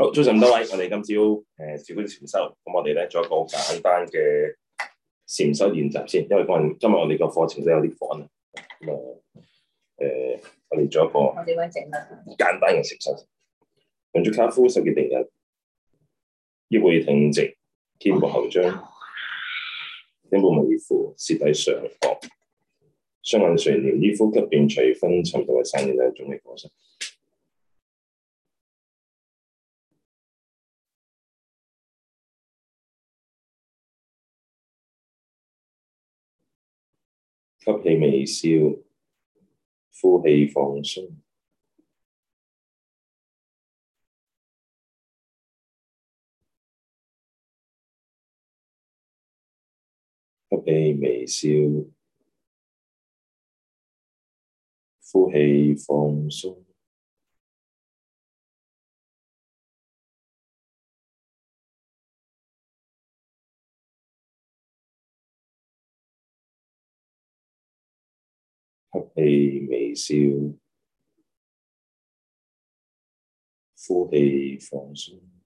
好，早晨多位，我哋今朝誒止觀禪修，咁我哋咧做一個簡單嘅禪修練習先，因為今日今日我哋嘅課程都有啲趕啊，咁啊誒，我哋做一個我，我點簡單嘅禪修，用住跏趺手結定印，腰背挺直，肩部後張，胸部微負，舌抵上顎，雙眼垂簾，依呼吸便隨分沉到嘅生意兩種嘅方式。吸氣微笑，呼氣放鬆。吸氣微笑，呼氣放鬆。吸氣微笑，呼氣放鬆。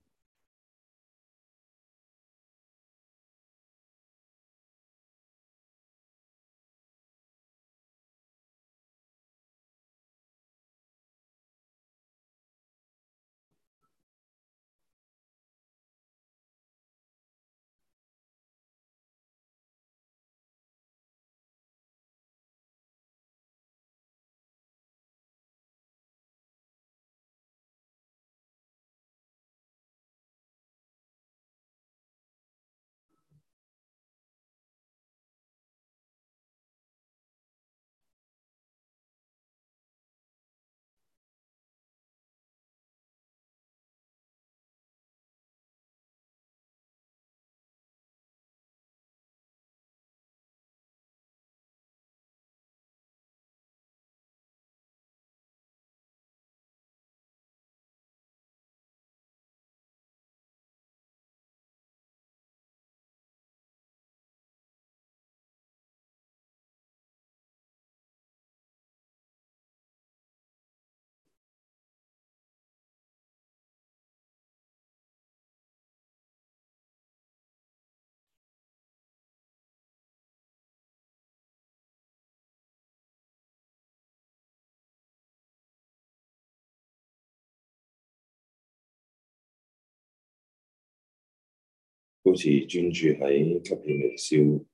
保持專注喺吸氣微笑，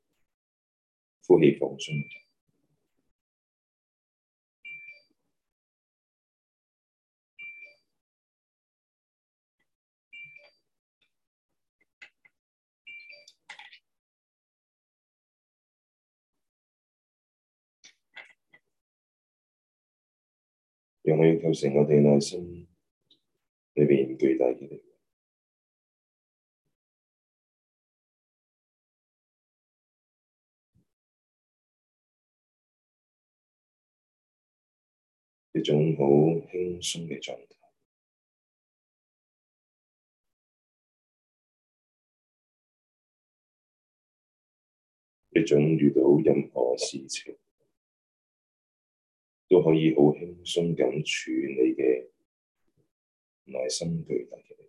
呼氣放鬆，用嚟 構成我哋內心裏邊巨大嘅力量。一種好輕鬆嘅狀態，一種遇到任何事情都可以好輕鬆咁處理嘅耐心對待嘅。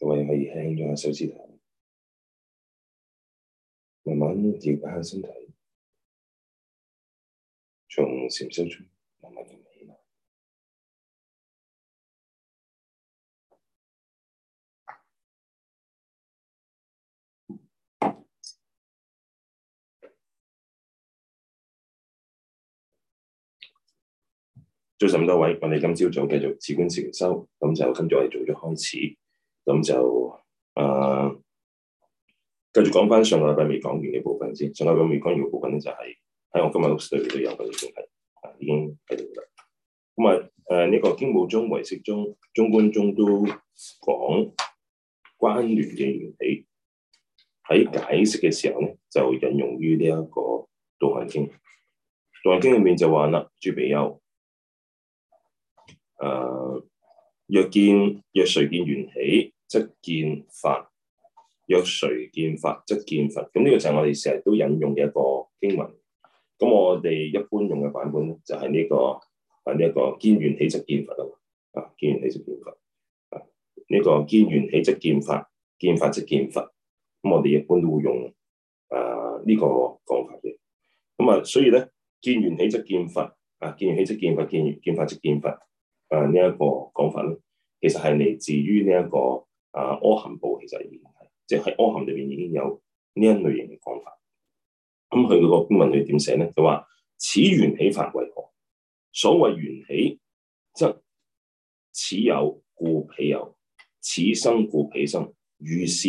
各位可以輕鬆下手指頭，慢慢調下身體，從禪修中慢慢嚟啦。早晨，各位，我哋今朝早繼續止觀禪修，咁就跟住我哋動作開始。咁就誒、呃，繼續講翻上個禮拜未講完嘅部分先。上個禮拜未講完嘅部分咧、就是，就係喺我今日錄視裏都有嘅，已經係啊，已經喺度啦。咁啊誒，呢、嗯這個經部宗、唯識宗、中觀宗都講關聯嘅緣起，喺解釋嘅時候咧，就引用於呢一個《稻稈經》。《稻稈經》裏面就話啦，諸比丘誒，若見若誰見緣起，則見法，若誰見法，則見法。咁呢個就係我哋成日都引用嘅一個經文。咁我哋一般用嘅版本咧，就係呢個啊呢一個見緣起則見法」啊，啊見緣起則見法」，啊呢個見緣起則見法，見法則見法」。咁我哋一般都會用啊呢個講法嘅。咁啊，所以咧見緣起則見法」，「啊，見緣起則見法，見見法則見法」。啊呢一個講法咧，其實係嚟自於呢一個。啊！阿含部其實已經係，即、就、係、是、阿含裏邊已經有呢一類型嘅講法。咁佢個經文裏點寫呢？就話此緣起法為何？所謂緣起，則此有故彼有，此生故彼生。如是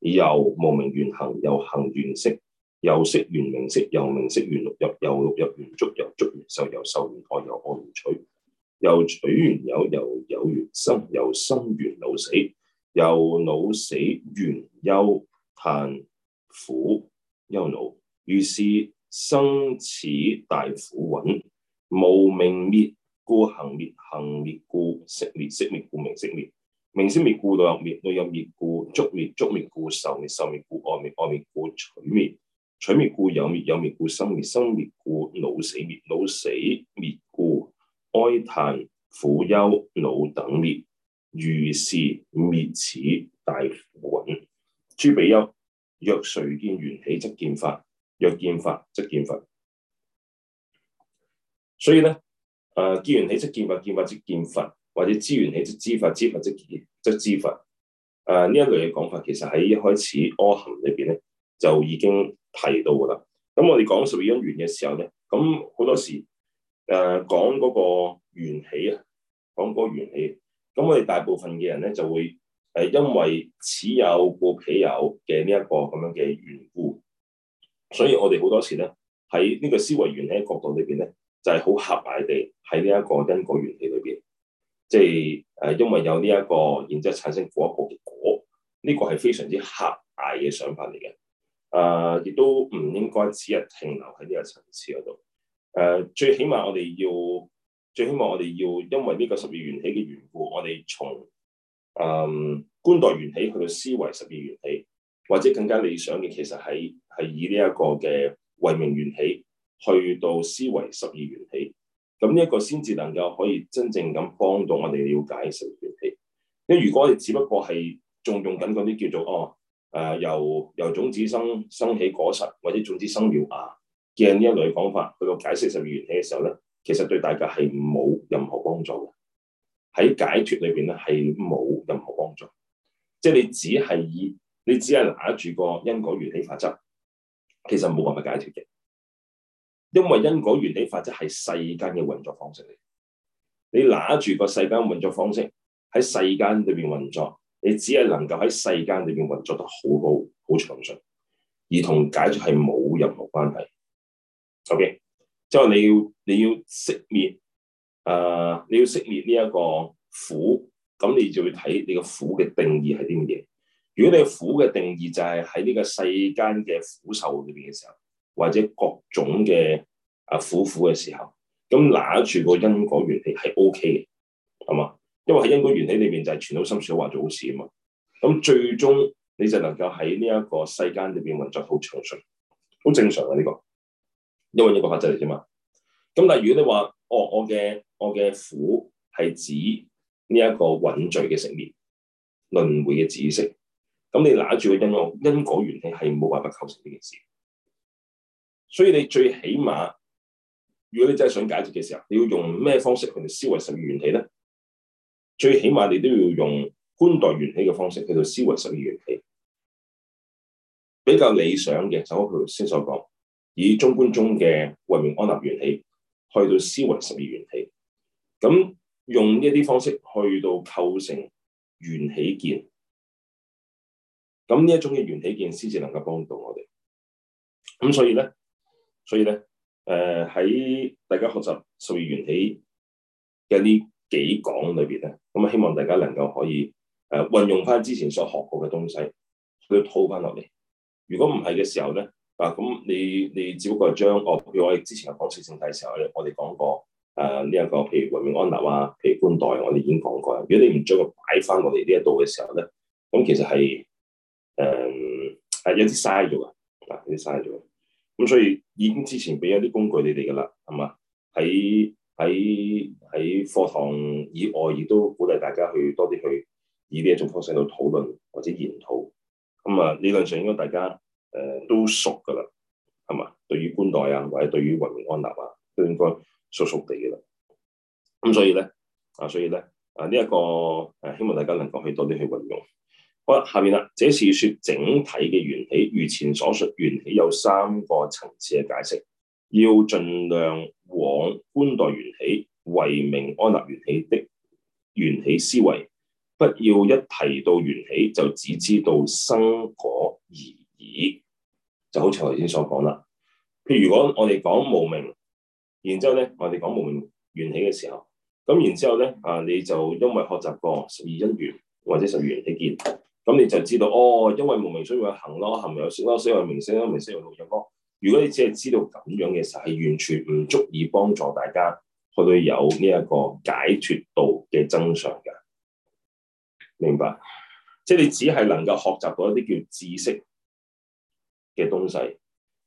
又無明緣行，又行緣識，又識緣名色，又名色緣六入，又，又入入緣觸，又觸緣受，受，又受緣愛，又愛緣取，又取緣有，又有緣生，又生緣老死。又老死，緣哀嘆苦憂惱，於是生此大苦蘊，無明滅故行滅，行滅故識滅，識滅故名色滅，名色滅故六入滅，六入滅故觸滅，觸滅故受滅，受滅故愛滅，愛滅故取滅，取滅故有滅，有滅故生滅，生滅故老死滅，老死滅故哀嘆苦憂惱等滅。如是滅此大蘊，諸比丘：若誰見緣起，則見法；若見法，則見佛。所以咧，誒、呃，見緣起則見法，見法則見佛，或者知緣起則知法，知法則知則知法。誒、呃，呢一類嘅講法，其實喺一開始阿含裏邊咧就已經提到噶啦。咁我哋講十二因緣嘅時候咧，咁好多時誒講嗰個緣起啊，講嗰個緣起。咁我哋大部分嘅人咧就會誒，因為此有故彼有嘅呢一個咁樣嘅緣故，所以我哋好多時咧喺呢個思維原理角度裏邊咧，就係好狹隘地喺呢一個因果原理裏邊，即係誒，因為有呢、這、一個，然之後產生嗰一個果，呢、這個係非常之狹隘嘅想法嚟嘅。誒、呃，亦都唔應該只係停留喺呢個層次嗰度。誒、呃，最起碼我哋要。最起碼我哋要，因為呢個十二緣起嘅緣故，我哋從誒觀待緣起去到思維十二緣起，或者更加理想嘅，其實係係以呢一個嘅唯名緣起去到思維十二緣起，咁呢一個先至能夠可以真正咁幫到我哋了解十二緣起。咁如果我哋只不過係仲用緊嗰啲叫做哦誒、呃、由由種子生生起果實，或者種子生苗芽，嘅呢一類講法去到解釋十二緣起嘅時候咧，其實對大家係冇任何幫助嘅，喺解脱裏邊咧係冇任何幫助，即係你只係以你只係拿住個因果原理法則，其實冇辦法解脱嘅，因為因果原理法則係世間嘅運作方式嚟，你拿住個世間運作方式喺世間裏邊運作，你只係能夠喺世間裏邊運作得好好好暢順，而同解脱係冇任何關係。Okay，即係你要。你要熄滅啊、呃！你要熄滅呢一個苦，咁你就會睇你個苦嘅定義係啲乜嘢。如果你苦嘅定義就係喺呢個世間嘅苦受裏邊嘅時候，或者各種嘅啊苦苦嘅時候，咁拿住個因果原理係 OK 嘅，係嘛？因為喺因果原理裏邊就係存好心善話做好事啊嘛。咁最終你就能夠喺呢一個世間裏邊運作好暢順，好正常嘅呢，這個，因為呢個法則嚟啫嘛。咁但如果你話、哦，我我嘅我嘅苦係指呢一個蘊聚嘅成滅、輪迴嘅止息，咁你揦住個因果因果緣起係冇辦法構成呢件事。所以你最起碼，如果你真係想解決嘅時候，你要用咩方式去思惟十二緣起咧？最起碼你都要用觀待緣起嘅方式去到思惟十二緣起。比較理想嘅，就好似頭先所講，以中觀宗嘅唯名安立緣起。去到思維十二緣起，咁用呢一啲方式去到構成緣起見，咁呢一種嘅緣起見先至能夠幫到我哋。咁所以咧，所以咧，誒喺、呃、大家學習十二緣起嘅呢幾講裏邊咧，咁啊希望大家能夠可以誒運用翻之前所學過嘅東西去套翻落嚟。如果唔係嘅時候咧。啊，咁你你只不過將，我、哦、譬如我哋之前講四聖諦時候，我哋講過，誒呢一個譬如唯名安立啊，譬如觀待，我哋已經講過啦。如果你唔將佢擺翻落嚟呢一度嘅時候咧，咁其實係誒係一啲嘥咗啊，一啲嘥咗。咁所以已經之前俾咗啲工具你哋噶啦，係嘛？喺喺喺課堂以外，亦都鼓勵大家去多啲去以呢一種方式去討論或者研討。咁、嗯、啊理論上應該大家。誒都熟噶啦，係嘛？對於觀待啊，或者對於唯名安立啊，都應該熟熟哋噶啦。咁、嗯、所以咧，啊，所以咧，啊呢一、這個誒、啊，希望大家能夠去多啲去運用。好啦，下面啦、啊，這是説整體嘅緣起，如前所述，緣起有三個層次嘅解釋，要儘量往觀待緣起、唯名安立緣起的緣起思維，不要一提到緣起就只知道生果而。咦，就好似頭先所講啦。譬如，如果我講我哋講無明，然之後咧，我哋講無明緣起嘅時候，咁然之後咧，啊你就因為學習過十二因緣或者十二緣起見，咁你就知道哦，因為無明所以有行咯，行咪有識咯，識有名色咯，名色有六入咯。如果你只係知道咁樣嘅時候，係完全唔足以幫助大家去到有呢一個解脫道嘅真相嘅。明白？即係你只係能夠學習到一啲叫知識。嘅東西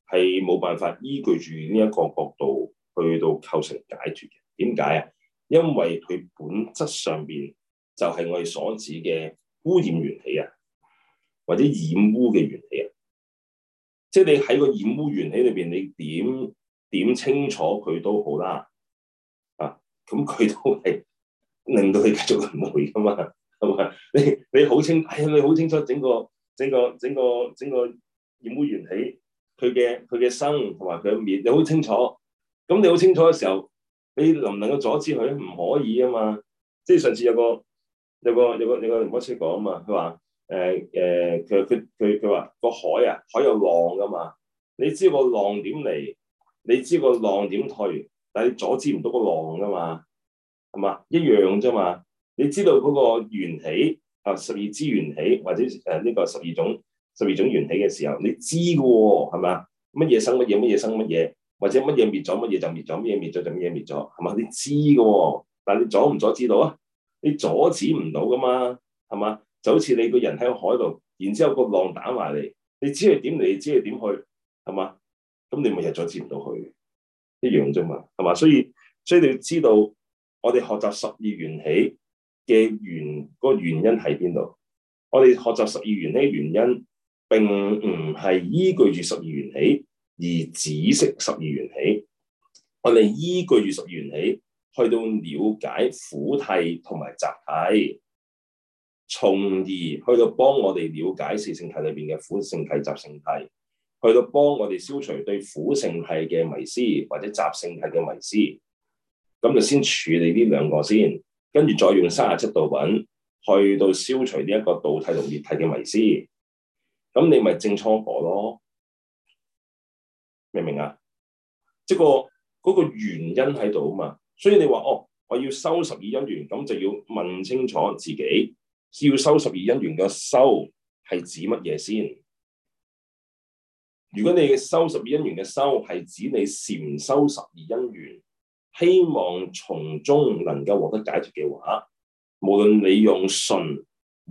係冇辦法依據住呢一個角度去到構成解決嘅，點解啊？因為佢本質上邊就係我哋所指嘅污染緣起啊，或者染污嘅緣起啊。即係你喺個染污緣起裏邊，你點點清楚佢都好啦、啊。啊，咁佢都係令到你繼續輪迴噶嘛？係嘛？你你好清，係啊，你好清楚整個整個整個整個。整個整個整個點會緣起？佢嘅佢嘅生同埋佢嘅滅，你好清楚。咁你好清楚嘅時候，你能唔能夠阻止佢？唔可以啊嘛。即係上次有個有個有個有個唔好出講啊嘛。佢話誒誒，佢佢佢佢話個海啊，海有浪噶嘛。你知個浪點嚟？你知個浪點退？但你阻止唔到個浪噶嘛，係嘛？一樣啫嘛。你知道嗰個緣起啊，十二支緣起或者誒呢、呃這個十二種。十二種緣起嘅時候，你知嘅喎、哦，係咪？乜嘢生乜嘢，乜嘢生乜嘢，或者乜嘢滅咗，乜嘢就滅咗，乜嘢滅咗就乜嘢滅咗，係嘛？你知嘅，哦，但係你阻唔阻止到啊？你阻止唔到噶嘛，係嘛？就好似你個人喺海度，然之後個浪打埋嚟，你知係點嚟，你知係點去，係嘛？咁你咪又阻止唔到佢一樣啫嘛，係嘛？所以所以你要知道我，我哋學習十二緣起嘅緣個原因喺邊度？我哋學習十二緣起嘅原因。並唔係依據住十二緣起而只識十二緣起，我哋依據住十二緣起去到了解苦諦同埋集諦，從而去到幫我哋了解四聖諦裏邊嘅苦聖諦、集聖諦，去到幫我哋消除對苦聖諦嘅迷思或者集聖諦嘅迷思，咁就先處理呢兩個先，跟住再用三十七道品去到消除呢一個道諦同滅諦嘅迷思。咁你咪正錯過咯，明唔明啊？即個嗰個原因喺度啊嘛，所以你話哦，我要修十二因緣，咁就要問清楚自己，要修十二因緣嘅修係指乜嘢先？如果你嘅修十二因緣嘅修係指你禪修十二因緣，希望從中能夠獲得解脫嘅話，無論你用順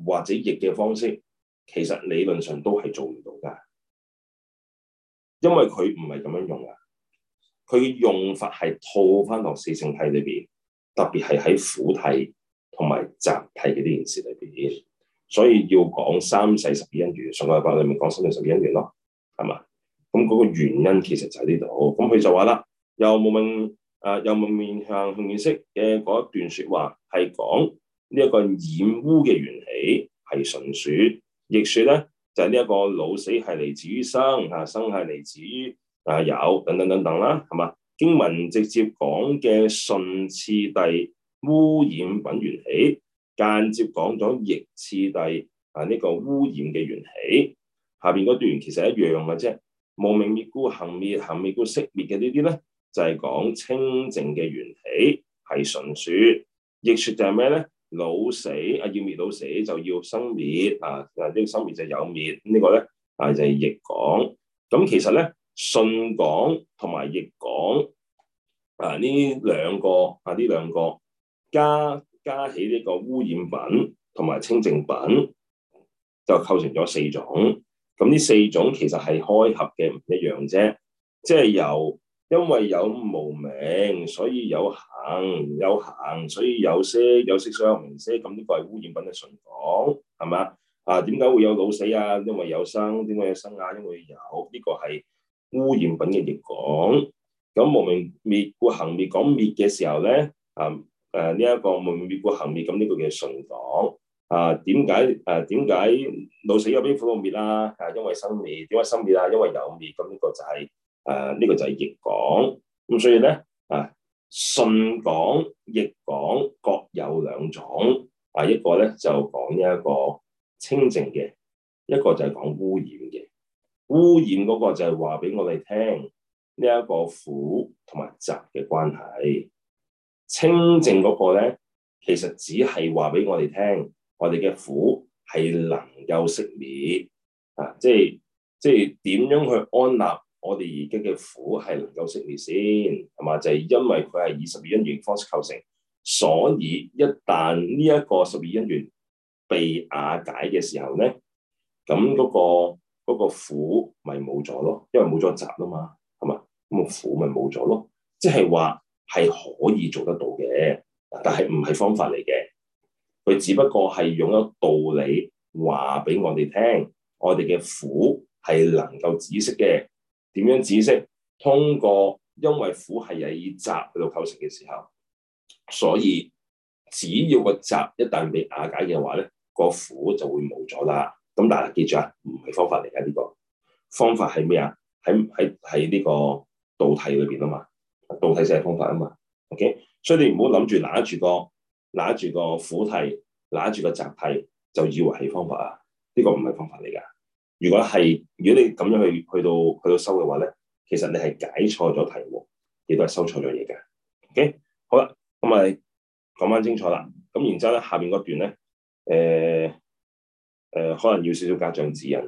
或者逆嘅方式。其實理論上都係做唔到噶，因為佢唔係咁樣用啊。佢用法係套翻落四聖諦裏邊，特別係喺苦諦同埋集諦嘅呢件事裏邊。所以要講三世十二因緣，上個禮拜裏面講三世十二因緣咯，係嘛？咁、那、嗰個原因其實就喺呢度。咁佢就話啦，又冇問誒、呃，又冇勉強詮釋嘅嗰一段說話，係講呢一個染污嘅緣起係順說。逆説咧就係呢一個老死係嚟自於生，嚇生係嚟自於啊有等等等等啦，係嘛？經文直接講嘅順次第污染品緣起，間接講咗逆次第啊呢、呢個污染嘅緣起，下邊嗰段其實一樣嘅啫。無明滅故行滅，行滅故識滅嘅呢啲咧，就係、係、講清淨嘅緣起係順説，逆説就係咩咧？老死啊，要滅老死就要生滅啊，啊、這、呢個生滅就有滅、這個、呢個咧，啊就是、逆講。咁其實咧，順講同埋逆講啊，啊，呢兩個啊呢兩個加加起呢個污染品同埋清淨品，就構成咗四種。咁呢四種其實係開合嘅唔一樣啫，即係由因為有無明，所以有行；有行，所以有識；有識，所以有名色。咁呢個係污染品嘅順講，係嘛？啊，點解會有老死啊？因為有生，點解有生啊？因為有，呢、這個係污染品嘅逆講。咁無明滅，滅故行滅，講滅嘅時候咧，啊誒呢一個無明滅故行滅，咁呢個叫順講。啊，點解誒點解老死有邊苦到滅啦、啊？啊，因為生滅，點解生滅啊？因為有滅，咁呢個就係、是。誒、呢、啊，這個就係逆講，咁所以咧啊，順講、逆講各有兩種，啊，一個咧就講呢一個清淨嘅，一個就係講污染嘅。污染嗰個就係話俾我哋聽呢一，這個苦同埋集嘅關係，清淨嗰個咧，其實只係話俾我哋聽，我哋嘅苦係能夠息滅，啊，即係即係點樣去安立。我哋而家嘅苦係能夠熄滅先，係嘛？就係、係、因為佢係以十二因緣方式構成，所以一旦呢一個十二因緣被瓦解嘅時候咧，咁嗰、嗰個苦咪冇咗咯，因為冇咗集啊嘛，係嘛？咁個苦咪冇咗咯，即係話係可以做得到嘅，但係唔係方法嚟嘅，佢只不過係用一個道理話俾我哋聽，我哋嘅苦係能夠止息嘅。點樣止息？通過因為苦係以集去到構成嘅時候，所以只要個集一旦被瓦解嘅話咧，個苦就會冇咗啦。咁但係記住啊，唔係方法嚟噶，呢個方法係咩啊？喺喺喺呢個道諦裏邊啊嘛，道諦先係方法啊嘛。OK，所以你唔好諗住揦住個揦住個苦諦，揦住個集諦，就以為係方法啊？呢個唔係方法嚟噶。如果係如果你咁樣去去到去到收嘅話咧，其實你係解錯咗題目，亦都係收錯咗嘢㗎。OK，好啦，咁啊講翻清楚啦。咁然之後咧，下邊嗰段咧，誒、呃、誒、呃，可能要少少家長指引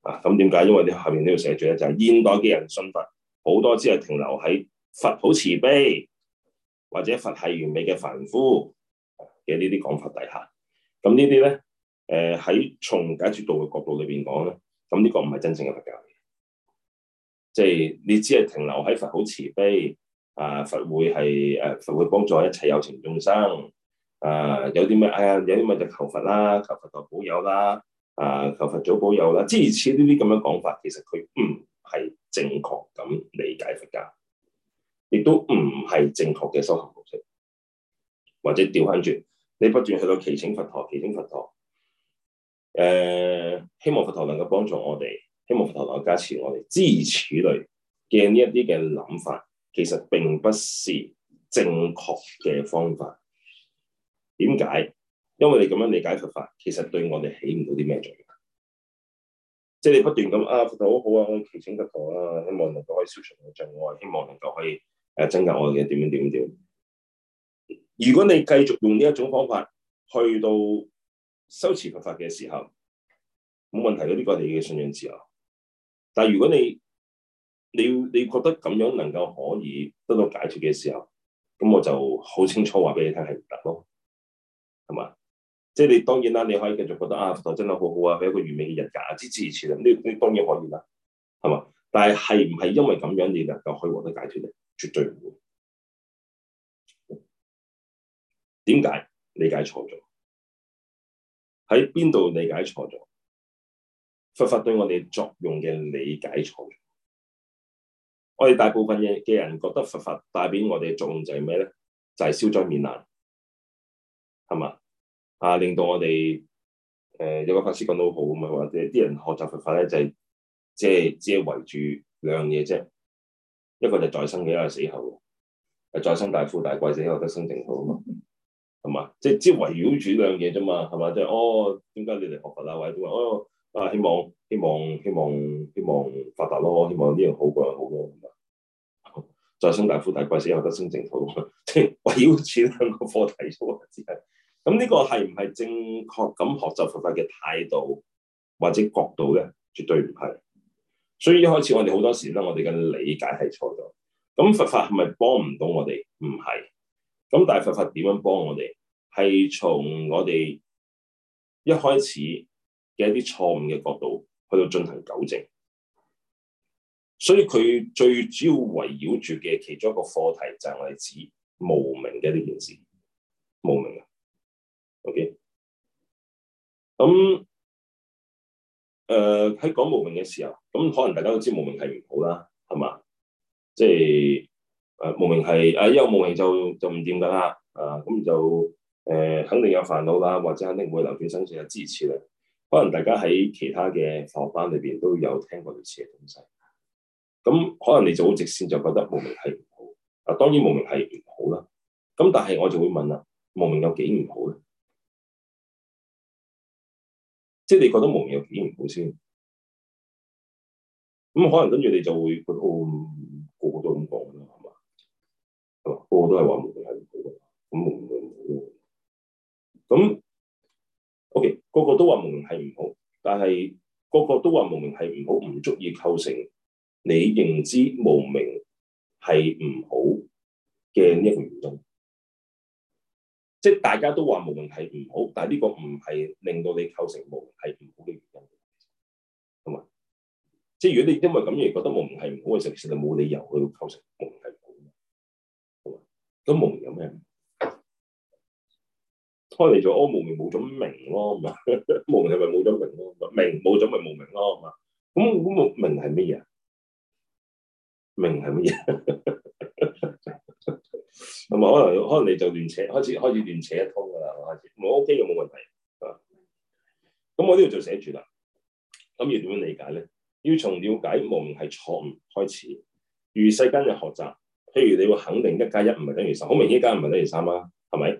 啊。咁點解？因為啲下邊呢度寫住咧，就係、是、現代嘅人信佛，好多只係停留喺佛好慈悲，或者佛係完美嘅凡夫嘅呢啲講法底下。咁呢啲咧，誒，喺從、呃、解脫道嘅角度裏邊講咧，咁呢個唔係真正嘅佛教，即、就、係、是、你只係停留喺佛好慈悲，啊、呃、佛會係誒、呃、佛會幫助一切有情眾生，呃、有啊有啲咩哎呀有啲咩就求佛啦，求佛陀保佑啦，啊、呃、求佛祖保佑啦，即係似呢啲咁樣講法，其實佢唔係正確咁理解佛教，亦都唔係正確嘅修行模式，或者調翻轉，你不斷去到祈請佛陀，祈請佛陀。誒、呃，希望佛陀能夠幫助我哋，希望佛陀能夠加持我哋。支持此類嘅呢一啲嘅諗法，其實並不是正確嘅方法。點解？因為你咁樣理解佛法，其實對我哋起唔到啲咩作用。即係你不斷咁啊，佛陀好好啊，我祈請佛陀啦，希望能夠可以消除我嘅障礙，希望能夠可以誒增加我嘅點樣點點。如果你繼續用呢一種方法去到。修持佛法嘅時候冇問題，呢個係你嘅信仰自由。但係如果你你你覺得咁樣能夠可以得到解脫嘅時候，咁我就好清楚話俾你聽係唔得咯，係嘛？即係你當然啦，你可以繼續覺得啊，佛真係好好啊，係一個完美嘅人格啊，支持而止啦，呢呢當然可以啦，係嘛？但係係唔係因為咁樣你能夠可以獲得解脫咧？絕對唔會。點解理解錯咗？喺邊度理解錯咗？佛法對我哋作用嘅理解錯咗。我哋大部分嘅嘅人覺得佛法帶俾我哋嘅作用就係咩咧？就係、是、消災免難，係嘛？啊，令到我哋誒、呃、有個法師講得好啊，或者啲人學習佛法咧、就是，就係即係即係圍住兩樣嘢啫。一個就再生嘅，一個死後誒，再生大富大貴，死後得生淨土。啊嘛。係嘛，即係即係圍繞住兩樣嘢啫嘛，係嘛，即係哦，點解你哋學佛啦，或者點啊，哦，啊希望希望希望希望發達咯，希望呢樣好過人好咯，係嘛？在生大富大貴，死後得生淨土。即係圍繞住兩個課題之嘅。咁呢個係唔係正確咁學習佛法嘅態度或者角度咧？絕對唔係。所以一開始我哋好多時咧，我哋嘅理解係錯咗。咁佛法係咪幫唔到我哋？唔係。咁大佛佛點樣幫我哋？係從我哋一開始嘅一啲錯誤嘅角度去到進行糾正，所以佢最主要圍繞住嘅其中一個課題就係我哋指無明嘅呢件事，無明啊。OK，咁誒喺講無明嘅時候，咁可能大家都知無明係唔好啦，係嘛？即係。誒、呃，無明係因有無明就就唔掂噶啦，啊，咁就誒、呃，肯定有煩惱啦，或者肯定會流轉生死嘅支持啦。可能大家喺其他嘅課班裏邊都有聽過類似嘅東西，咁可能你就好直線就覺得無明係唔好，啊，當然無明係唔好啦。咁但係我就會問啦，無明有幾唔好咧？即係你覺得無明有幾唔好先？咁可能跟住你就會覺得，個個都咁講。個個都係話無明係唔好，咁唔會唔好。咁 OK，個個都話無明係唔好，但係個個都話無明係唔好，唔足以構成你認知無明係唔好嘅呢一個原因。即係大家都話無明係唔好，但係呢個唔係令到你構成無明係唔好嘅原因。同、嗯、埋，即係如果你因為咁樣而覺得無明係唔好嘅時候，你冇理由去構成無明係。都冇有咩？拖嚟咗，我、哦、無明冇咗明咯，唔係無明咪冇咗明咯，明冇咗咪無明咯，係嘛？咁咁無明係咩嘢？明係乜嘢？咁啊，可能可能你就亂扯，開始開始亂扯一通噶啦，開始。冇 OK 嘅冇問題啊。咁我呢度就寫住啦。咁要點樣理解咧？要從了解無明係錯誤開始，如世間嘅學習。譬如你,會 3, 你要肯定一加一唔係等於三，好明顯一加一唔係等於三啦，係咪？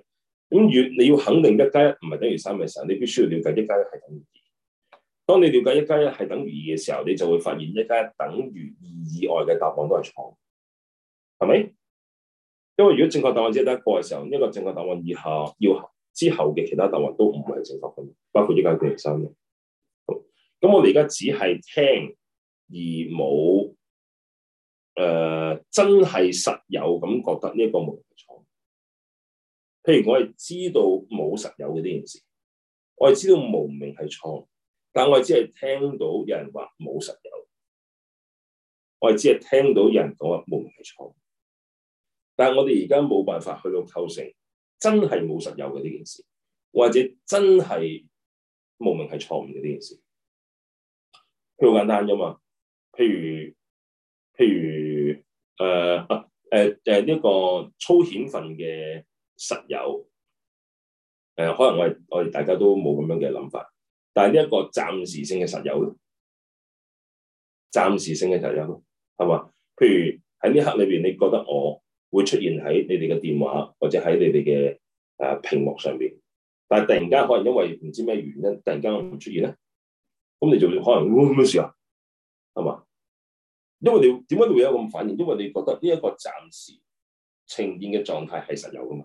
咁如你要肯定一加一唔係等於三嘅時候，你必須要了解一加一係等於二。當你了解一加一係等於二嘅時候，你就會發現一加一等於二以外嘅答案都係錯，係咪？因為如果正確答案只係得一個嘅時候，呢、這個正確答案以下要之後嘅其他答案都唔係正確嘅，包括一加一等於三嘅。咁我哋而家只係聽而冇。誒、呃，真係實有咁覺得呢一個無明係錯。譬如我係知道冇實有嘅呢件事，我係知道無明係錯，但我係只係聽到有人話冇實有，我係只係聽到有人講話無明係錯。但係我哋而家冇辦法去到構成真係冇實有嘅呢件事，或者真係無明係錯誤嘅呢件事，譬如好簡單㗎嘛，譬如。譬如誒誒誒呢一個粗顯份嘅實有誒、呃，可能我哋我哋大家都冇咁樣嘅諗法，但係呢一個暫時性嘅實有，暫時性嘅實有，係嘛？譬如喺呢刻裏邊，你覺得我會出現喺你哋嘅電話或者喺你哋嘅誒屏幕上邊，但係突然間可能因為唔知咩原因，突然間我唔出現咧，咁你就會可能咩、呃、事啊？因為你點解會有咁反應？因為你覺得呢一個暫時呈現嘅狀態係實有噶嘛，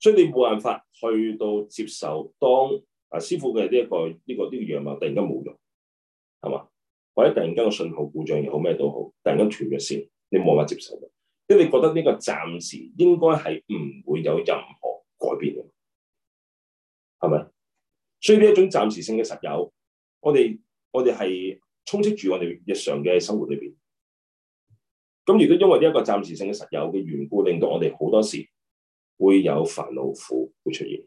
所以你冇辦法去到接受當。當啊師傅嘅呢一個呢、呢個呢個樣貌突然間冇用，係嘛？或者突然間個信號故障又好咩都好，突然間斷咗線，你冇辦法接受，因為你覺得呢個暫時應該係唔會有任何改變嘅，係咪？所以呢一種暫時性嘅實有，我哋我哋係充斥住我哋日常嘅生活裏邊。咁如果因為呢一個暫時性嘅實有嘅緣故，令到我哋好多時會有煩惱苦會出現。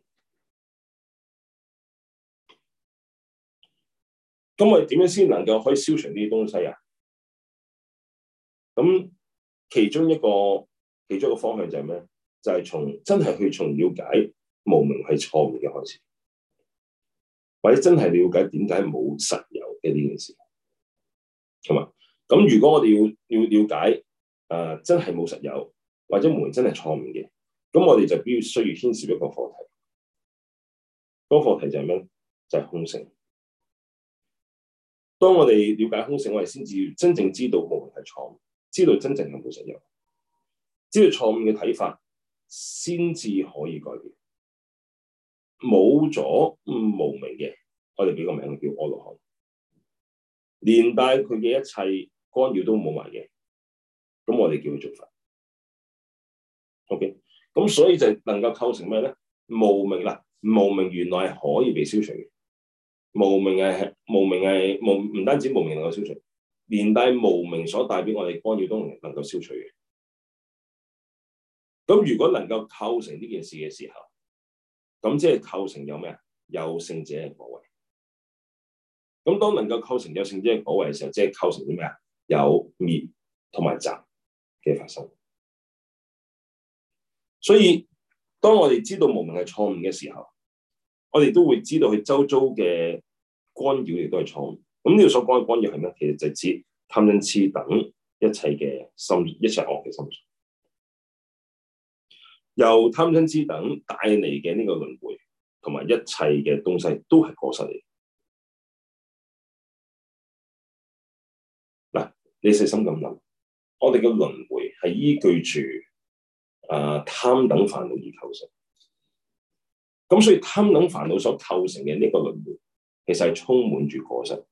咁我哋點樣先能夠可以消除呢啲東西啊？咁其中一個其中一個方向就係咩？就係從真係去從了解無明係錯誤嘅開始，或者真係了解點解冇實有嘅呢件事，係嘛？咁如果我哋要要，要了解。誒、啊，真係冇實有，或者無明真係錯誤嘅，咁我哋就必要需要牽涉一個課題。嗰個課題就係咩？就係、是、空性。當我哋了解空性，我哋先至真正知道無明係錯誤，知道真正係冇實有，知道錯誤嘅睇法，先至可以改變。冇咗無明嘅，我哋畀個名叫阿羅漢，連帶佢嘅一切干擾都冇埋嘅。咁我哋叫佢做佛，OK。咁所以就能夠構成咩咧？無明嗱，無明原來係可以被消除嘅。無明係無明係無唔單止無明能夠消除，連帶無明所帶俾我哋干擾都能夠消除嘅。咁如果能夠構成呢件事嘅時候，咁即係構成有咩啊？有勝者果位。咁當能夠構成有勝者果位嘅時候，即係構成啲咩啊？有滅同埋集嘅發生，所以當我哋知道無明係錯誤嘅時候，我哋都會知道佢周遭嘅干擾亦都係錯誤。咁呢個所講嘅干擾係咩？其實就指貪嗔癡等一切嘅心意，一切惡嘅心念，由貪嗔癡等帶嚟嘅呢個輪迴，同埋一切嘅東西都係過失嚟。嗱，你細心咁諗。我哋嘅輪回係依據住誒貪等煩惱而構成，咁所以貪等煩惱所構成嘅呢個輪回，其實係充滿住過失。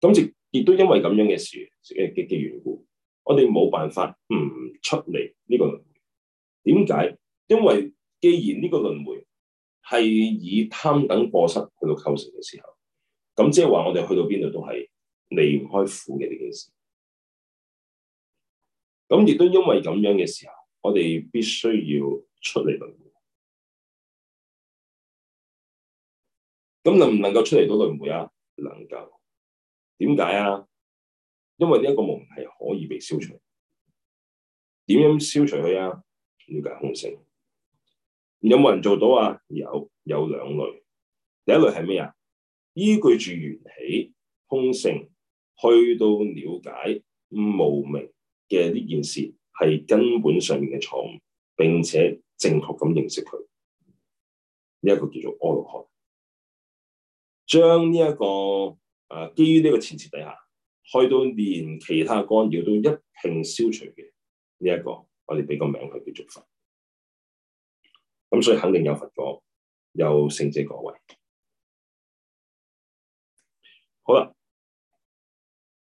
咁亦亦都因為咁樣嘅事嘅嘅緣故，我哋冇辦法唔出嚟呢個輪回。點解？因為既然呢個輪回係以貪等過失去到構成嘅時候，咁即係話我哋去到邊度都係離唔開苦嘅呢件事。咁亦都因為咁樣嘅時候，我哋必須要出嚟輪迴。咁能唔能夠出嚟到輪迴啊？能夠。點解啊？因為呢一個無明係可以被消除。點樣消除佢啊？了解空性。有冇人做到啊？有，有兩類。第一類係咩啊？依據住緣起空性去到了解無明嘅呢件事係根本上面嘅錯誤，並且正確咁認識佢，呢、這、一個叫做阿羅漢。將呢、這、一個誒基於呢個前提底下，去到連其他干擾都一併消除嘅呢一個，我哋俾個名佢叫做佛。咁所以肯定有佛果，有聖者果位。好啦，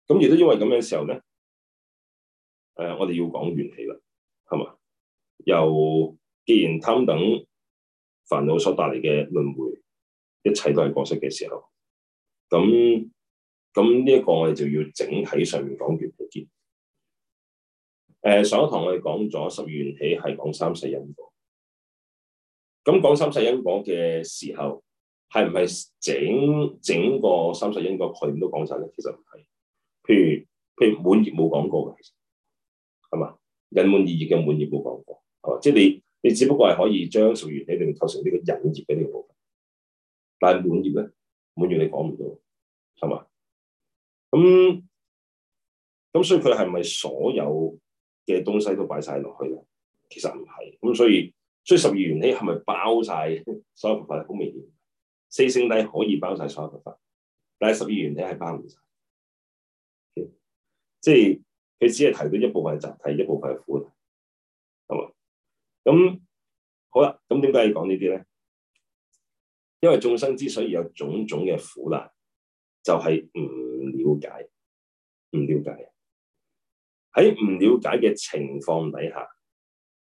咁亦都因為咁樣嘅時候咧。誒、呃，我哋要講緣起啦，係嘛？又既然貪等煩惱所帶嚟嘅輪回，一切都係過失嘅時候，咁咁呢一個我哋就要整體上面講緣起。誒、呃，上一堂我哋講咗十二緣起係講三世因果。咁講三世因果嘅時候，係唔係整整個三世因果概念都講晒咧？其實唔係，譬如譬如滿業冇講過嘅。係嘛？引滿二業嘅滿業冇講過，係嘛？即係你，你只不過係可以將十二緣起裏面構成呢個引業嘅呢個部分。但係滿業咧，滿業你講唔到，係嘛？咁咁，所以佢係咪所有嘅東西都擺晒落去咧？其實唔係。咁所以，所以十二緣起係咪包晒所有部分法？好明顯。四聖諦可以包晒所有部分，但係十二緣起係包唔曬。即係。佢只係提到一部分係集諦，一部分係苦難。咁好啦，咁點解要講呢啲咧？因為眾生之所以有種種嘅苦難，就係唔了解，唔了解喺唔了解嘅情況底下，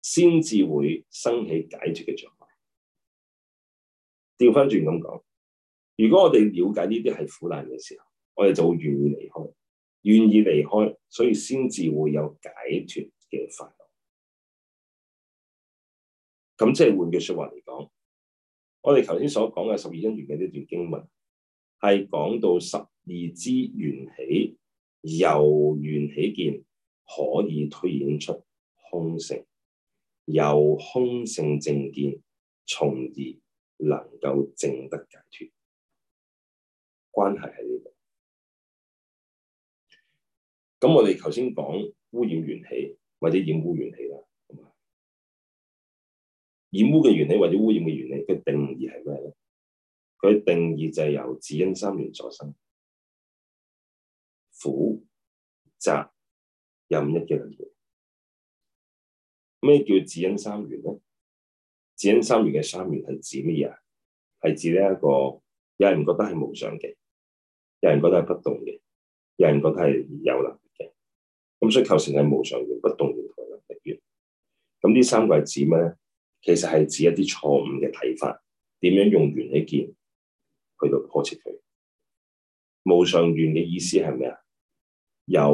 先至會生起解決嘅障礙。調翻轉咁講，如果我哋了解呢啲係苦難嘅時候，我哋就會願意離開。願意離開，所以先至會有解脱嘅快樂。咁即係換句說話嚟講，我哋頭先所講嘅十二因緣嘅呢段經文，係講到十二支緣起，由緣起見可以推演出空性，由空性正見，從而能夠證得解脱。關係係呢？咁我哋頭先講污染緣起或者染污緣起啦，染污嘅緣起或者污染嘅緣起，佢定義係咩咧？佢定義就係由自因三緣所生，苦集任一嘅輪迴。咩叫自因三緣咧？自因三緣嘅三緣係指乜嘢啊？係指呢一個，有人覺得係無常嘅，有人覺得係不動嘅，有人覺得係有能嘅。咁所以構成係無常緣、不動緣同無力緣。咁呢三個係指咩咧？其實係指一啲錯誤嘅睇法。點樣用緣起見去到破斥佢？無常原嘅意思係咩啊？有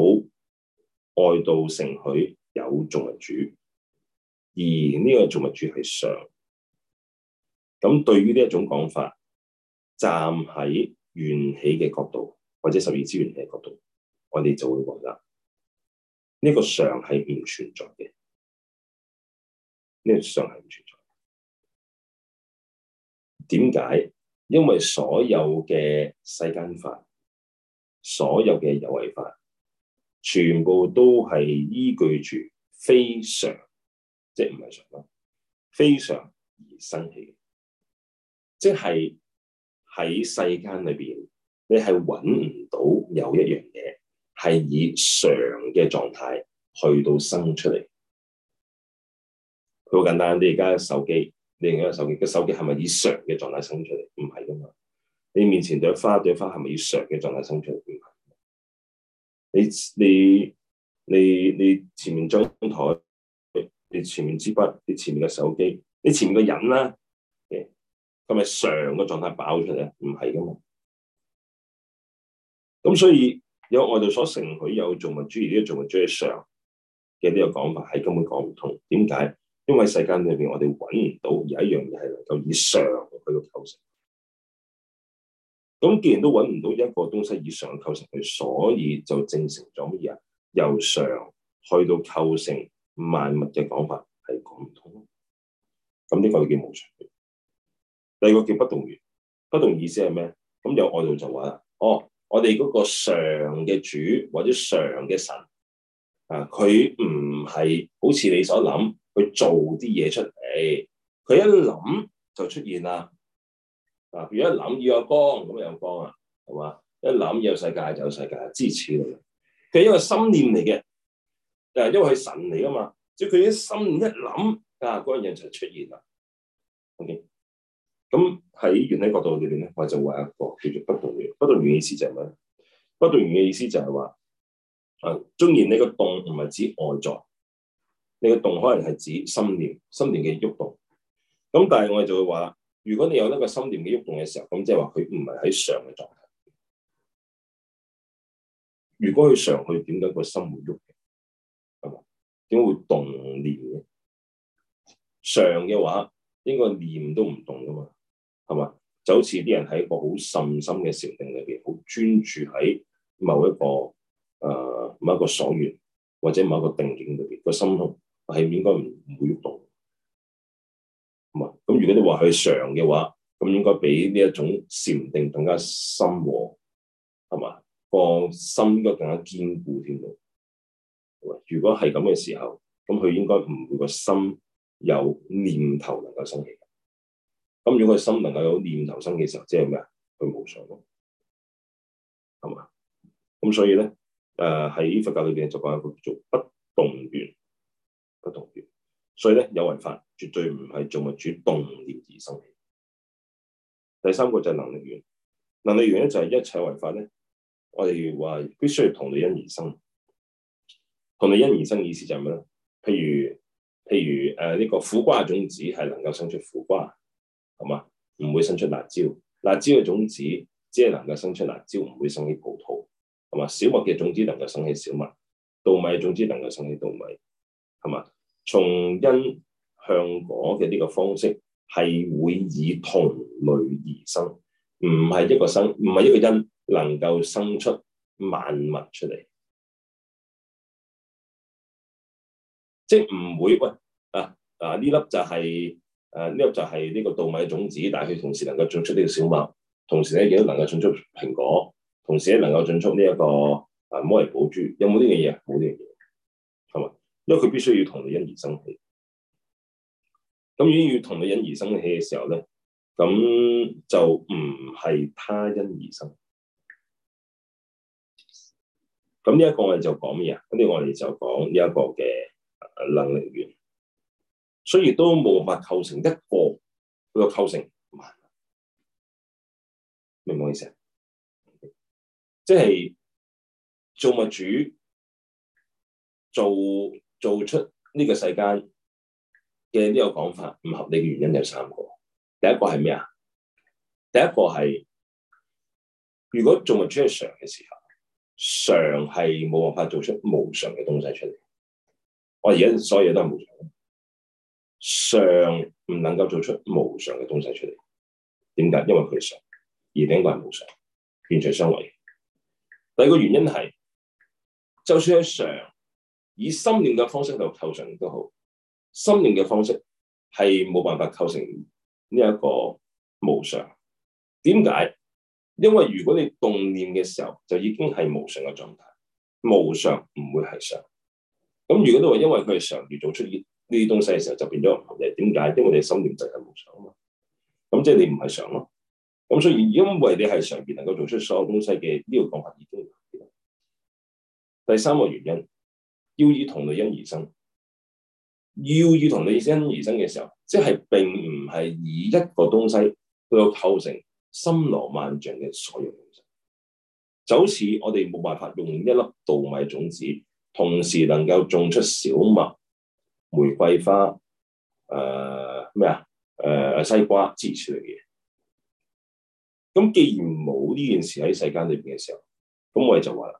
愛道成許有眾物主，而呢個眾物主係上。咁對於呢一種講法，站喺緣起嘅角度，或者十二支緣起嘅角度，我哋就會覺得，呢個常係唔存在嘅，呢個常係唔存在。點解？因為所有嘅世間法，所有嘅有為法，全部都係依據住非常，即係唔係常咯？非常而生起，即係喺世間裏邊，你係揾唔到有一樣嘢，係以常嘅狀態去到生出嚟，好簡單。你而家手機，你而家嘅手機嘅手機係咪以常嘅狀態生出嚟？唔係噶嘛。你面前朵花，朵花係咪以常嘅狀態生出嚟？唔係。你你你你前面張台，你前面支筆，你前面嘅手機，你前面嘅人啦，係咪常嘅狀態爆出嚟？唔係噶嘛。咁所以。有外道所承許有造物主，呢個造物主義上嘅呢個講法係根本講唔通。點解？因為世間裏邊我哋揾唔到有一樣嘢係能夠以上去到構成。咁既然都揾唔到一個東西以上構成佢，所以就證成咗乜嘢啊？由上去到構成萬物嘅講法係講唔通咯。咁呢個叫無常。第二個叫不動緣，不動意思係咩？咁有外道就話啦：，哦。我哋嗰個常嘅主或者常嘅神啊，佢唔係好似你所諗去做啲嘢出嚟，佢一諗就出現啦。啊，如果一諗要有光咁啊，有光啊，係嘛？一諗有世界就有世界，支持佢，佢係一個心念嚟嘅，但、啊、係因為佢神嚟噶嘛，即係佢啲心念一諗啊，嗰樣嘢就出現啦，係咪？咁喺原理角度裏邊咧，我就話一個叫做不動嘅，不動嘅意思就係咩咧？不動嘅意思就係話，啊，當然你個動唔係指外在，你個動可能係指心念，心念嘅喐動，動。咁但係我哋就會話啦，如果你有呢個心念嘅喐動嘅時候，咁即係話佢唔係喺常嘅狀態。如果佢常，去，點解個心會喐嘅？係嘛？點會動念嘅？常嘅話，應該念都唔動噶嘛？係嘛？就好似啲人喺一個好甚深嘅禪定裏邊，好專注喺某一個誒、呃、某一個所緣或者某一個定境裏邊，個心痛係應該唔會喐動。唔係咁，如果你話佢常嘅話，咁應該比呢一種禪定更加深喎，係嘛？個心應該更加堅固添。如果係咁嘅時候，咁佢應該唔會個心有念頭能夠升起。咁如果佢心能夠有念頭生嘅時候，即係咩啊？佢無常咯，係嘛？咁所以咧，誒、呃、喺佛教裏邊就講一個叫做不動緣，不動緣。所以咧，有為法絕對唔係造物主動念而生。第三個就係能力緣，能力緣咧就係一切有為法咧，我哋話必須要同類因而生，同類因而生意思就係咩咧？譬如譬如誒呢、呃這個苦瓜種子係能夠生出苦瓜。係嘛？唔會生出辣椒，辣椒嘅種子只係能夠生出辣椒，唔會生起葡萄。係嘛？小麥嘅種子能夠生起小麥，稻米嘅種子能夠生起稻米。係嘛？從因向果嘅呢個方式，係會以同類而生，唔係一個生，唔係一個因，能夠生出萬物出嚟。即係唔會。喂啊、哎、啊！呢、啊、粒就係。誒呢粒就係呢個稻米嘅種子，但係佢同時能夠種出呢個小麥，同時咧亦都能夠種出蘋果，同時咧能夠種出呢一個誒摩尼寶珠。有冇呢樣嘢？冇呢樣嘢係嘛？因為佢必須要同類因而生起。咁如果要同類因而生起嘅時候咧，咁就唔係他因而生。咁呢一個我哋就講乜嘢啊？咁呢個我哋就講呢一個嘅能力緣。所以都冇辦法構成一個佢個構成，明唔明我意思？即係造物主做做出呢個世間嘅呢個講法唔合理嘅原因有三個。第一個係咩啊？第一個係如果造物主係常嘅時候，常係冇辦法做出無常嘅東西出嚟。我而家所有嘢都係無常。常唔能夠做出無常嘅東西出嚟，點解？因為佢係常，而另一個係無常，變成相違。第二個原因係，就算係常，以心念嘅方式去構成都好，心念嘅方式係冇辦法構成呢一個無常。點解？因為如果你動念嘅時候，就已經係無常嘅狀態，無常唔會係常。咁如果都係，因為佢係常而做出呢？呢啲東西嘅時候就變咗唔同嘅。點解？因為你心念就有妄想啊嘛，咁即係你唔係常咯。咁所以因為你係常便能夠做出所有東西嘅呢個講法已經有嘅。第三個原因，要以同類因而生，要以同類因而生嘅時候，即係並唔係以一個東西去構成森羅萬象嘅所有東西。就好似我哋冇辦法用一粒稻米種子，同時能夠種出小麥。玫瑰花，誒咩啊？誒、呃、西瓜之類嘅嘢。咁既然冇呢件事喺世間裏邊嘅時候，咁我哋就話啦，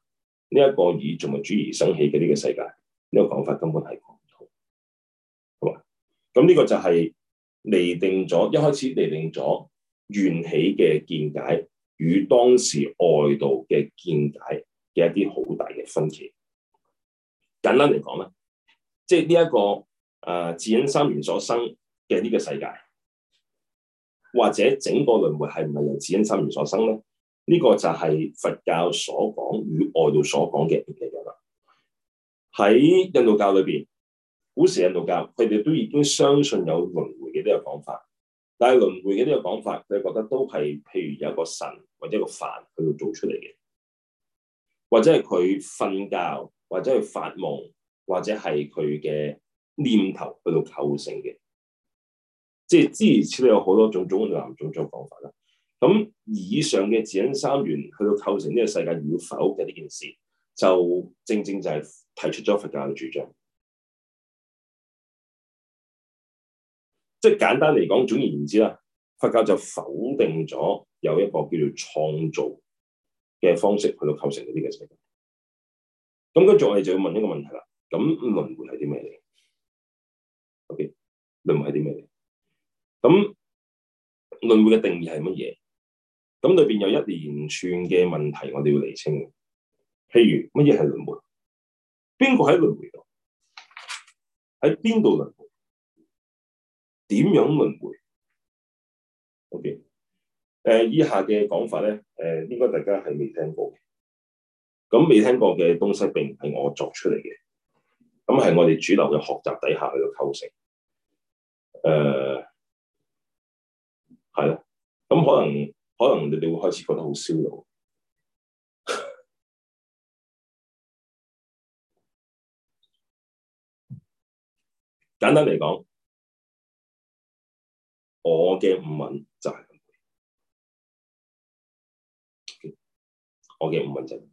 呢、這、一個以造物主而生起嘅呢個世界，呢、這個講法根本係講唔到。好啊，咁呢個就係釐定咗一開始釐定咗緣起嘅見解，與當時外道嘅見解嘅一啲好大嘅分歧。簡單嚟講咧。即係呢一個誒、呃，自因三緣所生嘅呢個世界，或者整個輪迴係唔係由自因三緣所生咧？呢、這個就係佛教所講與外道所講嘅唔一樣啦。喺印度教裏邊，古時印度教佢哋都已經相信有輪迴嘅呢個講法，但係輪迴嘅呢個講法，佢哋覺得都係譬如有一個神或者一個梵去到做出嚟嘅，或者係佢瞓覺或者係發夢。或者係佢嘅念頭去到構成嘅，即係諸如此類，有好多種種嘅南總種講法啦。咁以上嘅自因三緣去到構成呢個世界與否嘅呢件事，就正正就係提出咗佛教嘅主張。即係簡單嚟講，總而言之啦，佛教就否定咗有一個叫做創造嘅方式去到構成呢個世界。咁跟住我哋就要問一個問題啦。咁輪迴係啲咩嚟？O.K. 輪迴係啲咩嚟？咁輪迴嘅定義係乜嘢？咁裏邊有一連串嘅問題，我哋要釐清。譬如乜嘢係輪迴？邊個喺輪迴度？喺邊度輪迴？點樣輪迴？O.K. 唉、呃，以下嘅講法咧，誒、呃，應該大家係未聽過嘅。咁未聽過嘅東西並唔係我作出嚟嘅。咁係、嗯、我哋主流嘅學習底下，去到構成，誒、呃，係咯。咁、嗯、可能可能你哋會開始覺得好燒腦。 簡單嚟講，我嘅五蘊就係咁。我嘅五蘊就係咁。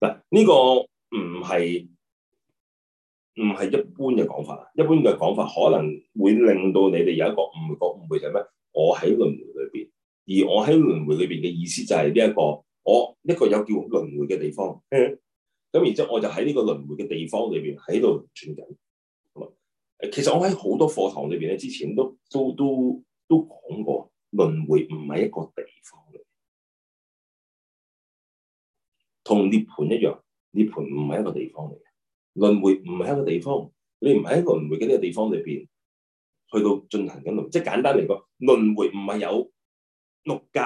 嗱，呢、這個唔係。唔係一般嘅講法啊！一般嘅講法可能會令到你哋有一個誤會，個誤會就係咩？我喺輪迴裏邊，而我喺輪迴裏邊嘅意思就係呢一個，我一個有叫輪迴嘅地方。咁、嗯、然之後我就喺呢個輪迴嘅地方裏邊喺度轉緊。誒，其實我喺好多課堂裏邊咧，之前都都都都講過輪迴唔係一個地方嚟，同涅盤一樣，涅盤唔係一個地方嚟嘅。輪回唔係一個地方，你唔係喺輪回嘅呢個地方裏邊去到進行緊輪。即係簡單嚟講，輪回唔係有六格，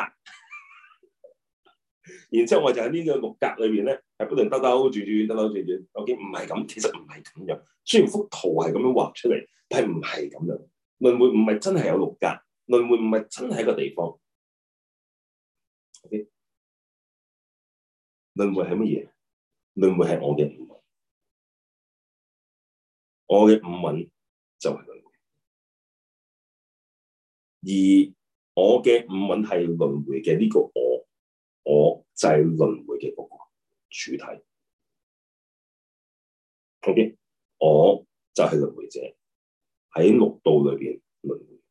然之後我就喺呢個六格裏邊咧，喺不斷兜兜轉轉、兜兜轉轉。O.K. 唔係咁，其實唔係咁樣。雖然幅圖係咁樣畫出嚟，但係唔係咁樣。輪回唔係真係有六格，輪回唔係真係一個地方。O.K. 輪回係乜嘢？輪回係我嘅。我嘅五蘊就係輪迴，而我嘅五蘊係輪迴嘅呢個我，我就係輪迴嘅嗰個主體。O.K. 我就係輪迴者，喺六道裏邊輪迴，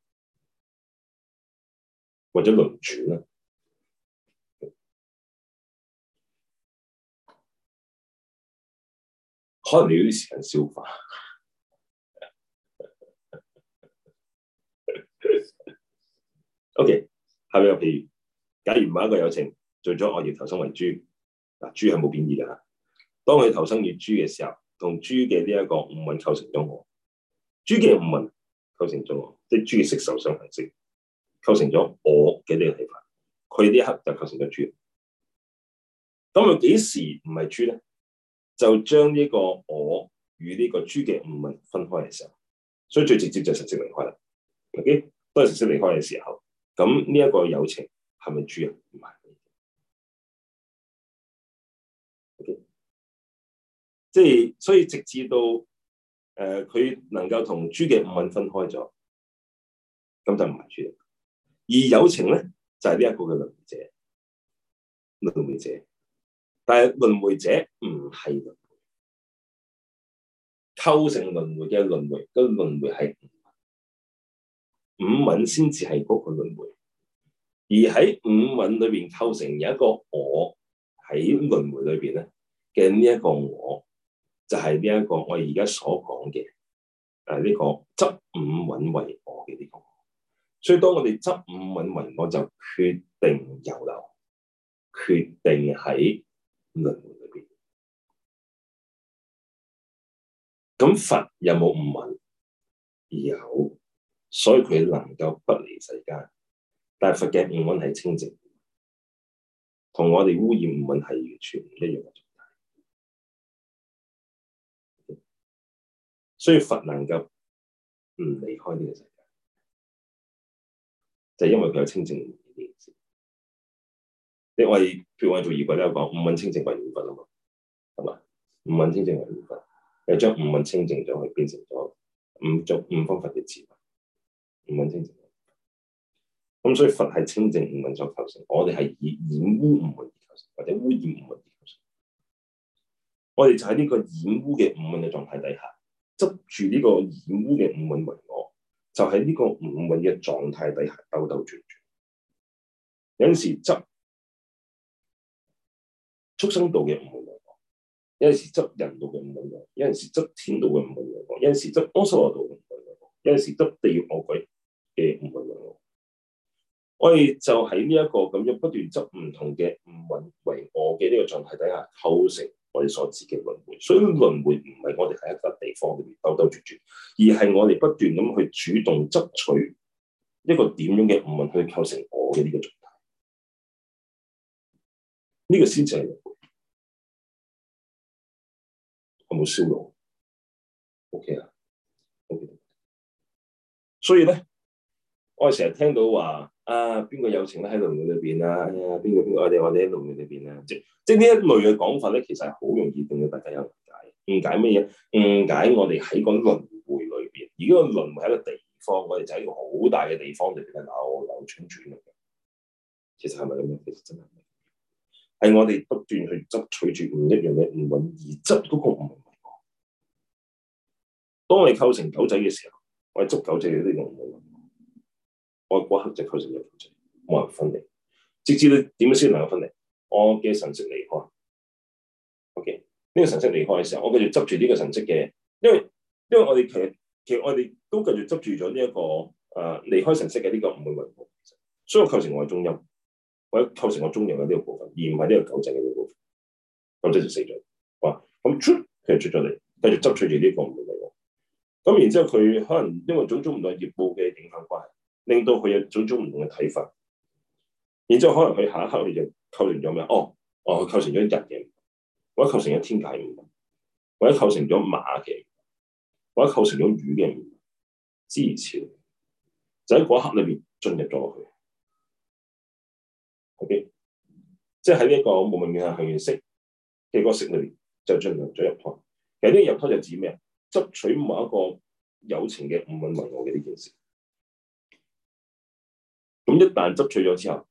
或者輪轉啦，可能你要啲時間消化。O.K. 下咪？又譬如，假如唔係一個有情，最終我要投生為豬。嗱，豬係冇變異嘅吓。當佢投生於豬嘅時候，同豬嘅呢一個五蘊構成咗我。豬嘅五蘊構成咗我，即係豬嘅色受想行識構成咗我嘅呢個體魄。佢呢刻就構成咗豬。咁佢幾時唔係豬咧？就將呢個我與呢個豬嘅五蘊分開嘅時候，所以最直接就直接明開啦。O.K. 都係神仙離開嘅時候，咁呢一個有情係咪豬啊？唔係。Okay? 即係所以直至到誒佢、呃、能夠同豬嘅五蘊分開咗，咁就唔係豬。而有情咧就係呢一個嘅輪迴者，輪迴者。但係輪迴者唔係輪迴，構成輪迴嘅輪迴，迴迴那個輪迴係。五蘊先至係嗰個輪迴，而喺五蘊裏邊構成有一個我，喺輪迴裏邊咧嘅呢一個我，就係呢一個我而家、就是、所講嘅誒呢個執五蘊為我嘅呢、這個。所以當我哋執五蘊為我，就決定有漏，決定喺輪迴裏邊。咁佛有冇五蘊？有。所以佢能夠不離世界，但佛嘅五蘊係清淨，同我哋污染五蘊係完全唔一樣。所以佛能夠唔離開呢個世界，就是、因為佢有清淨念。因為譬如我哋做業櫃咧，講五蘊清淨為業櫃啊嘛，係嘛？五蘊清淨為業櫃，係將五蘊清淨咗，係變成咗五種五方佛嘅智慧。五蘊清淨，咁所以佛係清淨五蘊所構成，我哋係以染污五蘊而構成，或者污染五蘊而構成，我哋就喺呢個染污嘅五蘊嘅狀態底下，執住呢個染污嘅五蘊為我，就喺呢個五蘊嘅狀態底下兜兜轉轉，有陣時執畜生道嘅五蘊為我，有陣時執人道嘅五蘊為我，有陣時執天道嘅五蘊為我，有陣時執阿修羅道嘅五蘊為我，有陣時執地獄餓鬼。我哋就喺呢一個咁樣不斷執唔同嘅五蘊為我嘅呢個狀態底下構成我哋所知嘅輪迴。所以輪迴唔係我哋喺一個地方裏面兜兜轉轉，而係我哋不斷咁去主動執取一個點樣嘅五蘊去構成我嘅呢個狀態。呢、這個先至係輪迴，我有冇燒腦？OK 啊 OK 所以咧，我哋成日聽到話。啊！邊個有情咧喺輪迴裏邊啊？邊個邊個？我哋我哋喺輪迴裏邊啊！即即呢一類嘅講法咧，其實係好容易令到大家有誤解。誤解乜嘢？誤解我哋喺個輪迴裏邊，如果個輪迴喺一個地方，我哋就喺個好大嘅地方入邊扭扭轉轉嘅。其實係咪咁樣？其實真係係我哋不斷去執取住唔一樣嘅五蘊而執嗰個五蘊。當我哋構成狗仔嘅時候，我哋捉狗仔嘅呢種五蘊。外嗰黑即構成嘅部分，冇人分離，直至到點樣先能夠分離？我嘅神識離開，OK？呢個神識離開嘅時候，我繼續執住呢個神識嘅，因為因為我哋其實其實我哋都繼續執住咗呢一個誒離、呃、開神識嘅呢、這個唔會混淆，所以我構成我嘅中陰，我構成我中陰嘅呢個部分，而唔係呢個狗仔嘅呢個部分。咁即係就死咗，哇！咁、嗯、出佢出咗嚟，繼續執住住呢個唔會嚟。咁然之後佢可能因為種種唔同業報嘅影響關係。令到佢有種種唔同嘅睇法，然之後可能佢下一刻佢就構成咗咩？哦，哦，佢構成咗人嘅，或者構成咗天界嘅，或者構成咗馬嘅，或者構成咗魚嘅，知潮就喺嗰一刻裏邊進入咗佢，O.K.，即係喺呢一個無明嘅行行緣識嘅嗰個識裏邊就進入咗入胎。其實呢個入胎就指咩啊？執取某一個有情嘅五蘊為我嘅呢件事。咁一旦執取咗之後，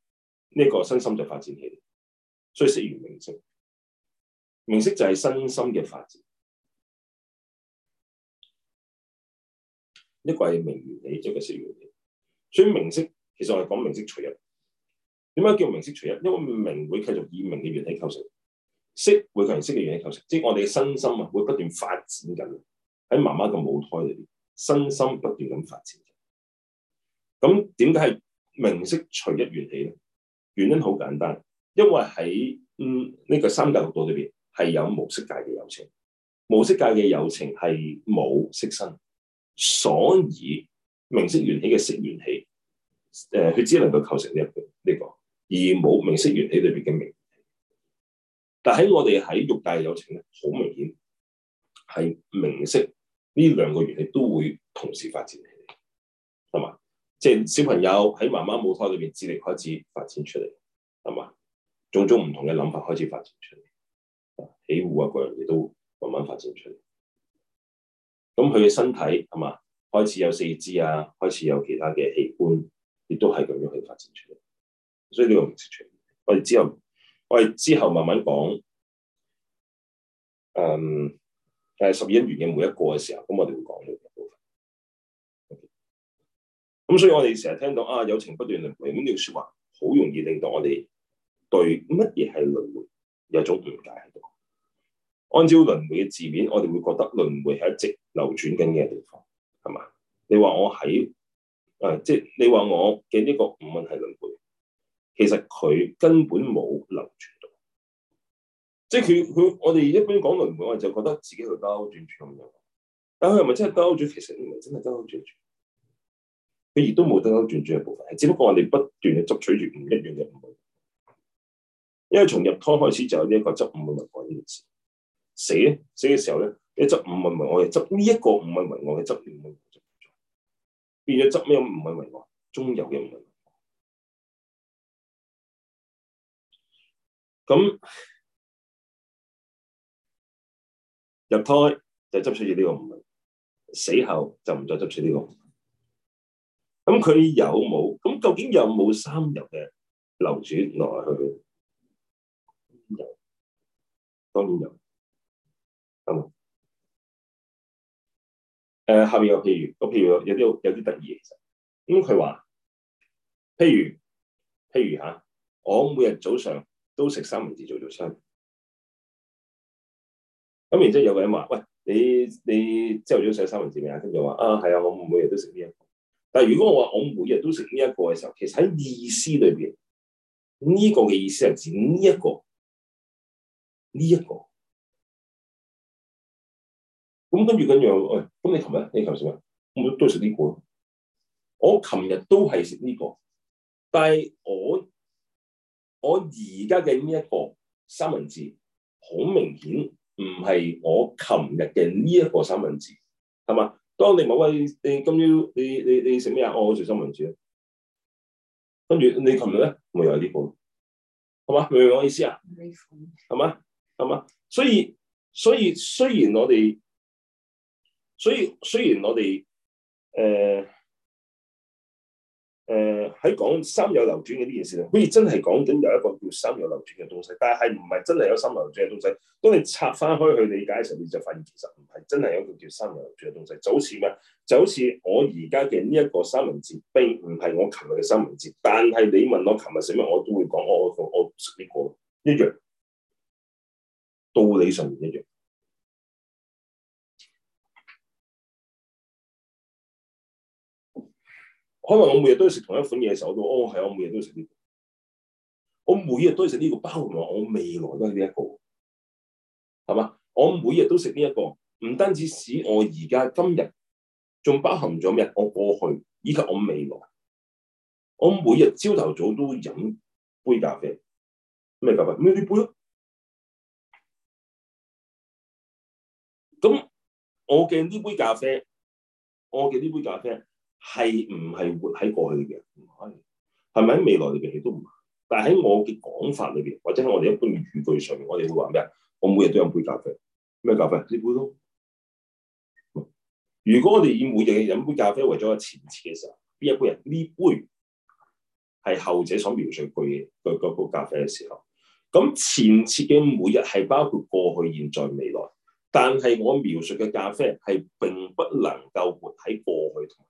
呢、這個身心就發展起嚟，所以識緣名色，名色就係身心嘅發展，一、這個係名緣起，即係識緣名。所以名色其實我哋講名色隨一。點解叫名色隨一？因為名會繼續以名嘅原理構成，色會強顏色嘅原理構成，即係我哋嘅身心啊，會不斷發展緊。喺媽媽個母胎裏邊，身心不斷咁發展。咁點解係？名色隨一緣起咧，原因好簡單，因為喺嗯呢、這個三界六道裏邊係有無色界嘅有情，無色界嘅有情係冇色身，所以名色緣起嘅色緣起，誒佢、呃、只能夠構成一個呢個，而冇名色緣起裏邊嘅名。但喺我哋喺欲界有情咧，好明顯係名色呢兩個緣起都會同時發展起嚟，係嘛？即係小朋友喺媽媽母胎裏邊智力開始發展出嚟，係嘛？種種唔同嘅諗法開始發展出嚟，起舞啊各樣嘢都慢慢發展出嚟。咁佢嘅身體係嘛？開始有四肢啊，開始有其他嘅器官，亦都係咁樣去發展出嚟。所以呢個唔識出面。我哋之後，我哋之後慢慢講。但誒十二因緣嘅每一個嘅時候，咁我哋會講咁、嗯、所以，我哋成日聽到啊，有情不斷輪迴呢句說話，好容易令到我哋對乜嘢係輪迴有種誤解喺度。按照輪迴嘅字面，我哋會覺得輪迴係一直流轉緊嘅地方，係嘛？你話我喺誒、啊，即係你話我嘅呢個五蘊係輪迴，其實佢根本冇流轉到。即係佢佢，我哋一般講輪迴，我就覺得自己去兜轉轉咁樣。但佢係咪真係兜轉？其實唔係真係兜轉轉。佢亦都冇得到轉轉嘅部分，只不過我哋不斷嘅執取住唔一樣嘅五蘊，因為從入胎開始就有呢、這、一個執五蘊為我呢件事，死咧死嘅時候咧，你執五蘊為我，執呢一個五蘊為我嘅執完，變咗執咩五蘊為我，中有嘅五蘊，咁入胎就執取住呢個五蘊，死後就唔再執取呢、這個。咁佢有冇？咁究竟有冇三有嘅流轉落去？有，當然有。咁啊、呃、下邊有譬如，個譬如有啲有啲得意嘅，其實咁佢話，譬如譬如嚇、啊，我每日早上都食三文治做早餐。咁、嗯、然之後有個人話：喂，你你朝頭早食三文治未啊？跟住話：啊，係啊，我每日都食啲嘢。」但係如果我話我每日都食呢一個嘅時候，其實喺意思裏邊呢個嘅意思係指呢一個呢一個。咁跟住咁樣，喂、哎，咁你琴日，你琴日食咩？咁我都食呢個。我琴日都係食呢個，但係我我而家嘅呢一個三文治，好明顯唔係我琴日嘅呢一個三文治，係嘛？當、哦、你唔係餵你今朝你你你食咩啊？我、哦、好食三文治，跟住你琴日咧，咪又係呢款，係嘛？明唔明我意思啊？係嘛本？係嘛？所以所以雖然我哋，所以雖然我哋誒。呃誒，喺、呃、講三有流轉嘅呢件事，好似真係講緊有一個叫三有流轉嘅東西，但係唔係真係有三流轉嘅東西。當你拆翻開去理解嘅時候，你就發現其實唔係真係有一個叫三有流轉嘅東西，就好似咩，就好似我而家嘅呢一個三文治，並唔係我琴日嘅三文治。但係你問我琴日食咩，我都會講我我我食呢、這個，一樣，道理上唔一樣。可能我每日都要食同一款嘢嘅時候，我都哦，係，我每日都要食呢個。我每日都要食呢個，包含我，我未來都係呢一個，係嘛？我每日都食呢一個，唔單止使我而家今日，仲包含咗咩？我過去以及我未來。我每日朝頭早都飲杯咖啡，咩咖啡？咪呢杯咯。咁我嘅呢杯咖啡，我嘅呢杯咖啡。係唔係活喺過去嘅？唔可以，係咪喺未來裏邊？亦都唔係。但係喺我嘅講法裏邊，或者喺我哋一般語句上面，我哋會話咩？我每日都飲杯咖啡。咩咖啡？呢杯咯。如果我哋以每日飲杯咖啡為咗個前設嘅時候，邊一杯人呢杯係後者所描述佢嘅嗰個咖啡嘅時候，咁前設嘅每日係包括過去、現在、未來。但係我描述嘅咖啡係並不能夠活喺過去同。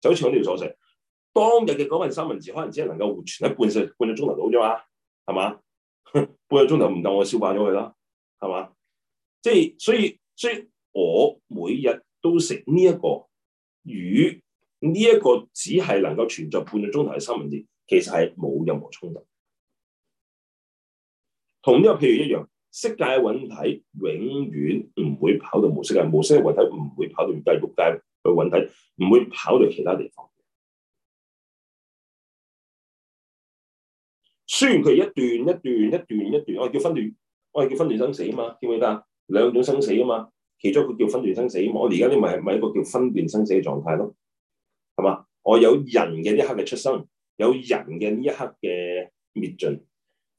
就好似我呢條鎖食，當日嘅嗰份三文治可能只係能夠活存一半成半個鐘頭到啫嘛，係嘛？半個鐘頭唔夠 我消化咗佢啦，係嘛？即係所以，所以我每日都食呢一個魚，呢一個只係能夠存在半個鐘頭嘅三文治，其實係冇任何衝突。同呢個譬如一樣，色界蘊體永遠唔會跑到無色界，無色嘅蘊體唔會跑到欲界。去揾睇，唔會跑到其他地方。雖然佢一段一段一段一段，我哋、哎、叫分段，我、哎、哋叫分段生死啊嘛，記唔記得啊？兩種生死啊嘛，其中一個叫分段生死啊嘛。我哋而家呢咪係咪一個叫分段生死嘅、就是就是、狀態咯？係嘛？我有人嘅呢一刻嘅出生，有人嘅呢一刻嘅滅盡，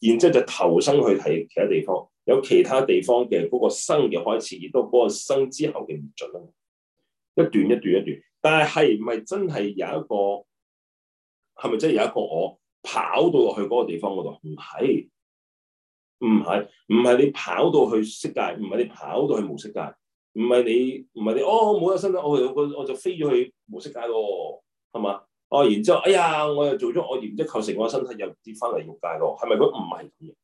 然之後就投生去睇其他地方，有其他地方嘅嗰個生嘅開始，亦都嗰個生之後嘅滅盡啦。一段一段一段，但係係咪真係有一個？係咪真係有一個我？我跑到落去嗰個地方嗰度？唔係，唔係，唔係你跑到去色界，唔係你跑到去無色界，唔係你，唔係你，哦，冇一身啦，我就我就飛咗去無色界咯，係嘛？哦，然之後哎呀，我又做咗我物質構成我身體，又跌翻嚟欲界咯，係咪佢唔係咁嘅？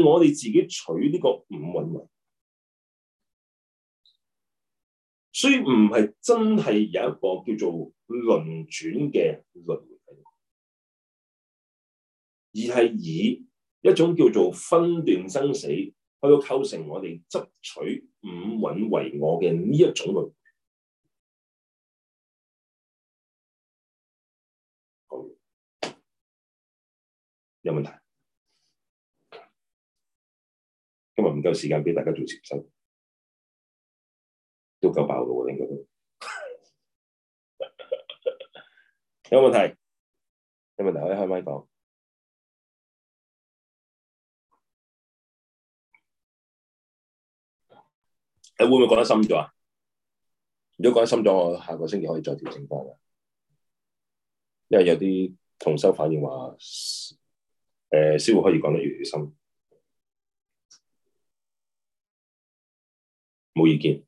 係我哋自己取呢個五蘊。所以唔係真係有一個叫做輪轉嘅輪迴，而係以一種叫做分段生死，去到構成我哋執取五蘊為我嘅呢一種輪迴。好，有冇問題？今日唔夠時間俾大家做禪修。都夠爆嘅喎，應該。有問題？有問題可以開咪講。誒，會唔會講得深咗啊？如果講得深咗，我下個星期可以再調整翻嘅。因為有啲同修反應話，誒，師傅可以講得越嚟越深，冇意見。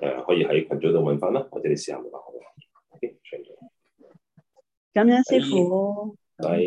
誒可以喺群組度揾翻啦，或者你試下問下我。O K，咁樣師傅。